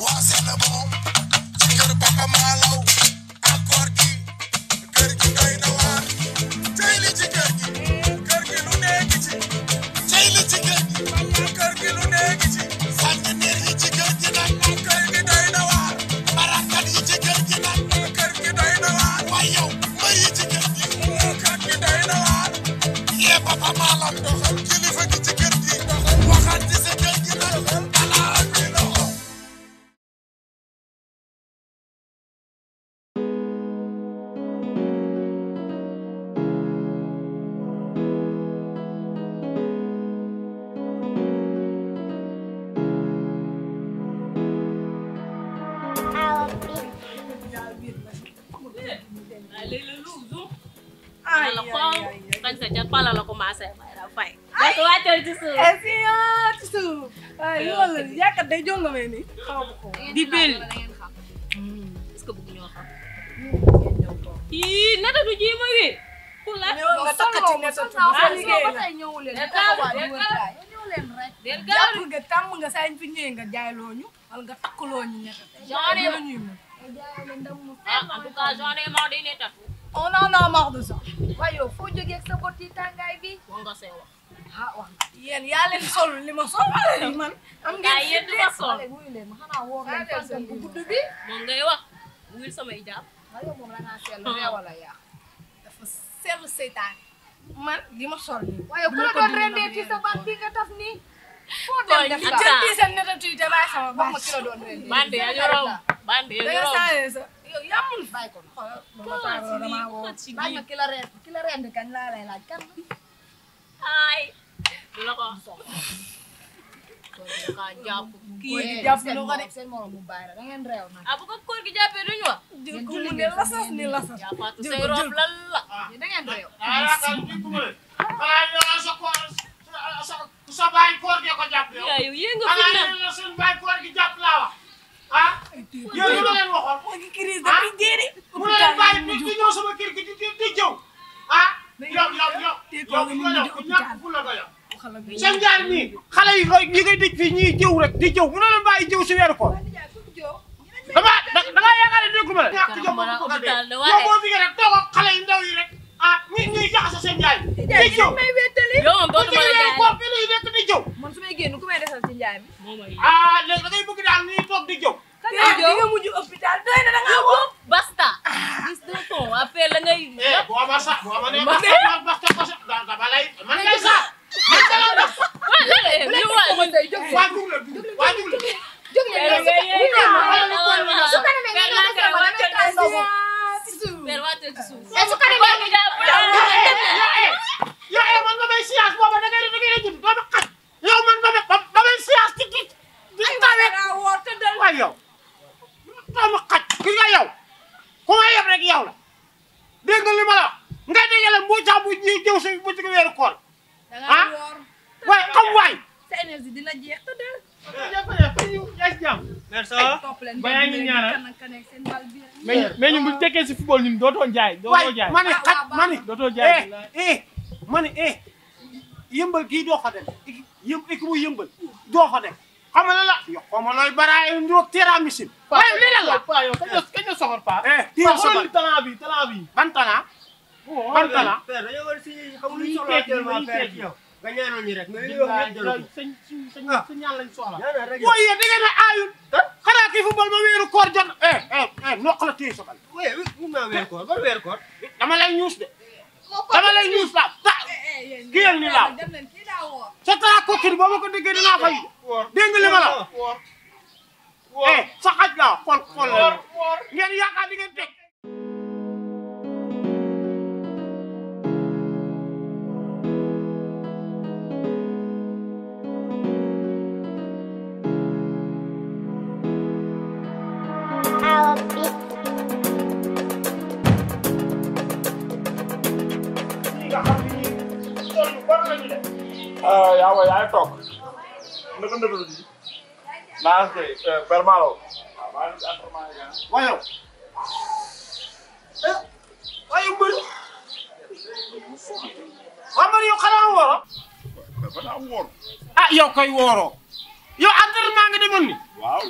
Was it? bañ sa jot pala la commencé may la fay. ay wàccal eh, ah, ci suuf. ci suuf. waaye loolu la yàkkat di bëri. Hmm. est-ce que ji ma wi. ku la nga takkati netatu ba saa ñu fi ñëwee nga jaay loo ñu wala nga takk loo ñu netatu. genre moo di netatu. on en a marre de ça. waaye yow foo jógee ak sa yi bi. moom nga see wax. yaa leen sol li ma sol. man am ngeen ay li ma sol. ma xanaa woo ngeen tànkam bu gudd bi. moom ngay seytaan. man li ma sol nii. waaye ku la doon rendee ci sa baat di seen netatu yi te bàyyi sama bande yaa ñu bande yaa ñu yow yamul bàyyi ko bàyyi ma ki la reen ki la reen kau laa kau laaj kan ay du la ko ka jàpp kii di jàpp lu ko de seen morom bu bàyyi la da ngeen réew nag ah bu ko koor gi jàppee duñu wax di ko mu ne lasas ni lasas jàppaatu say rob lan la da ngeen k nii xale yi li ngay dëj fii ñuy di jëw mu ne leen bàyyi jëw si weeru da dangaa yaakaar ne ma la ñàkk jom ko ko dee yow boo fi nga rek toog xale a ndaw yi rek ah ñi ñuy jaxase seen njaay di jëw ku ci weeru koor fi lay nekk di jëw man su may génn ku may desal ci njaay mi ah léegi da ngay bëgg daal ñuy toog di ah, di nga mujj su ko defee ñu jàpp yow ba may siyaas booba da ngay da ngay rëjul ba ma xaj yow man ba may ba may siyaas ci ci di nga yow ku ma yeb rek yow la merci balaa ñuy ñaanal mais mais ñun bu si football ñun dootoo jaay dootoo jaay mani xat mani dootoo jaay eh, eh mani eh yëmbal gii doo ko dem yëm équipe yëmbal doo ko dem xam nga looy baraay ndoog tiramisu waaye lii la la pa yow kañ la ban talent ban talent nga ñaanal ñu rek mais li nga wax ñëpp jëloon ko ah ñaan lañ soxla. ñaanal rek mooy yéen da ngeen a aayul. Ah. xanaa kii football ba weeru koor jot. eh eh, eh nokk la téye soxal. oui oui mun naa weeru dama lay ñuus de. dama lay ñuus la ta eh, eh, kii yëngu ni laaw. sa taa kottu boo ma ko déggee dinaa fay. nga xam ne nii tool yu bari la ñu def. Ah, yaa ngi yaa ngi toog. naka nga dund ji. naa se Père Malo. waaw maa ngi information eh, ah, yi gànnaar. Ah. waaye yow. eh waaye mbër. waaw man yow xanaa wooroo. xanaa wooroo. ah yow koy wooroo. yow entraînement nga demoon ni. waaw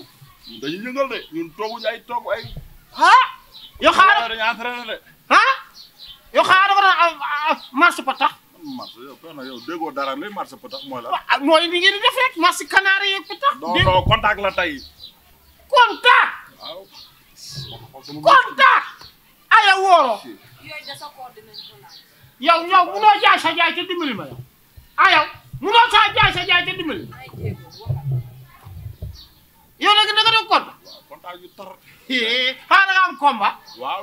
ñun dañuy yëngal de ñun tooguñu ay toog ay. ah. yow xaaral dañuy entraîné de. ah. yow xanaa dafa doon marché patax. marché yow tax na yow déggoo dara li marché patax mooy la. ah mooy li ngeen di def rek marché kanaara yeeg patax. dégg non non contact la tey. contact. waaw. contact. aya ah, wóoroo. yow yow munoo jaay sa jaay te dimbali ma yow. ayaw ah, munoo saa jaay sa jaay te dimbali. yow nag da nga doon contact. waaw contact yu tar. xanaa da nga am combat. waaw.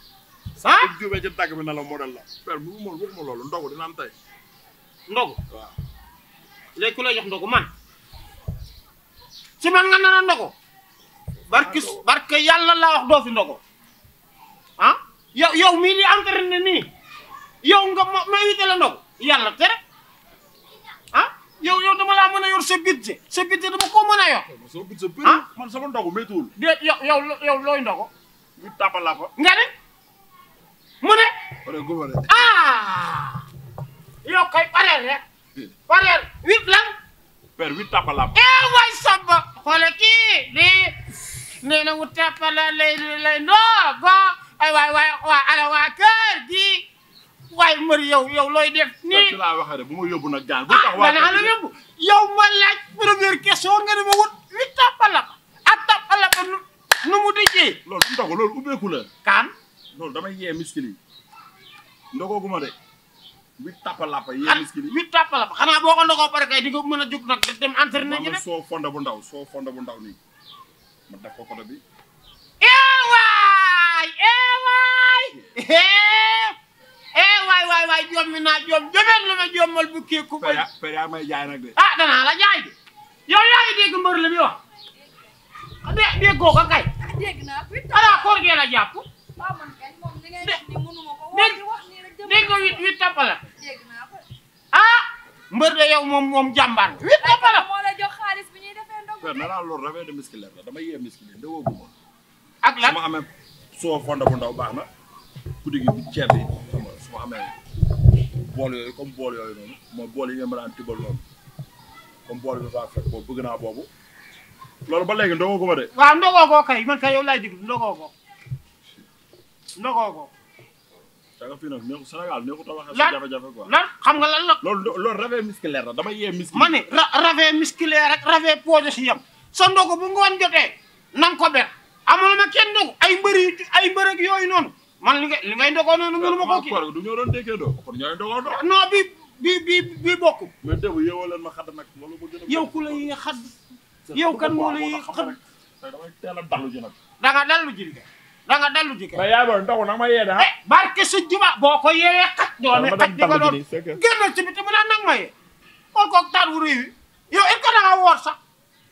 ah bu jubee ci tàgg bi na la modèle la. père bu ma waxuma loolu ndogu dina am ndogu waaw. léegi ku lay ndogu man. ci man nga nana ndogu. barke barke yàlla laa wax doo ndogu. ah yow yow mii di nii yow nga ma ma invité la ndogu yàlla tere ah yow yow dama laa mën a yor sa budget sa budget dama koo mën a yor. ah man sama ndogu méttiwul. déet yow yow looy ndogu. ñu tàppal laa ko nga ne. mu ne. ah. yow koy pareel rek. Hmm. pareel huit lan. per huit tapala. eh waay Samba. kii lii nee na mu lay lay ay waay waay waa waa kër gi waay Mari yow yow looy def. nii ci laa waxee bu ma yóbbu nag jaan bu tax ah, waa la yóbbu yow ma laaj première nga ne wut huit tapala ak ah, tapala nu mu di ji. loolu du loolu damay yee miskili yi ndogooguma de huit tapalapa yee miskili yi. huit tapalapa xanaa boo ko ndogoo pare kay di nga mën nak jóg nag dem entraîné ji rek. soo fonda bu ndaw soo fonda bu ndaw nii ma Ewai, ko ewai, bi. ewai, eh eewaay eewaay eh eh, waay waay joom mi naa joom jomeen lu ma joomal bu kii ku koy. pere may jaay nag de. ah danaa la jaay de yow yaa ngi dégg mbër la bi wax. Ah, dé déggoo ko kay. Ah, dégg naa ko. ala koor gee la dégg nga huit huit tapala ah mbër de yow moom moom jàmbaar huit tapala loolu rafet de miski leer la dama yee miski leer ak lan su amee soo fonda bu ndaw baax na guddi gi ceeb bi xam nga amee bool yooyu comme bool yooyu noonu mooy bool yi nga mën a tibal comme bool bi faa fekk boobu bëgg naa boobu loolu ba léegi ndogoo de waaw ndogoo ko kay man kay yow laay dig ndogoo nogoo ko. caga fii nag neexu Sénégal neexu ta waxee xam nga lan la. loolu loolu rave dama yee musculaire. ma ne ra rave musculaire rek rave si yam. sa ndogu bu ngoon jotee na nga ko ber amal ma kenn ndogu ay mbëri ay mbërëg yooyu noonu man li ngay li ngay ndogoo noonu mënu ma ko du ñoo doon déggee doo kon ñooy ndogoo doo. non bi bi bi bi bokk. mais déggoo yeewoo ma xadd nag loolu a. yow ku yow kan moo a dallu ji danga dalu ya, iya eh, ya, ya. oh, eh, eh, di ba ya bon taxu nak ma yé barke su juma boko yé kat do ne kat di do gënal ci bitim la nak ma ko ko tar wuri yow e ko da nga wor sax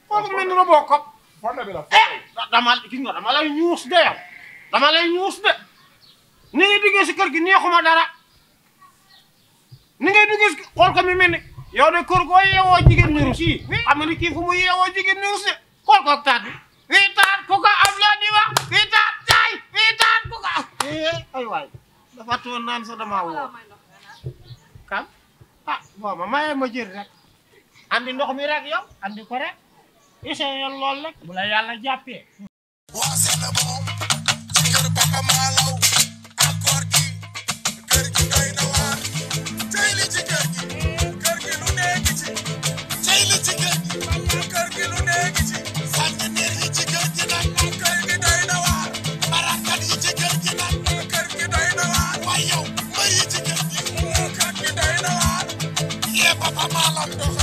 ko ko melni ro boko fonda bi la dama ki nga dama lay ñuus de dama lay ñuus de ni ci kër gi neexuma dara ni xol ko mi de kër go yewo jigen ci ki fu mu yewo jigen ci ko wi ko ko fàtte woon naan sa damaa woo kan ah boo ma mayee ma rek andi ndox mi rek yow andi ko rek ise yoon lool rek bu la yàlla 啊。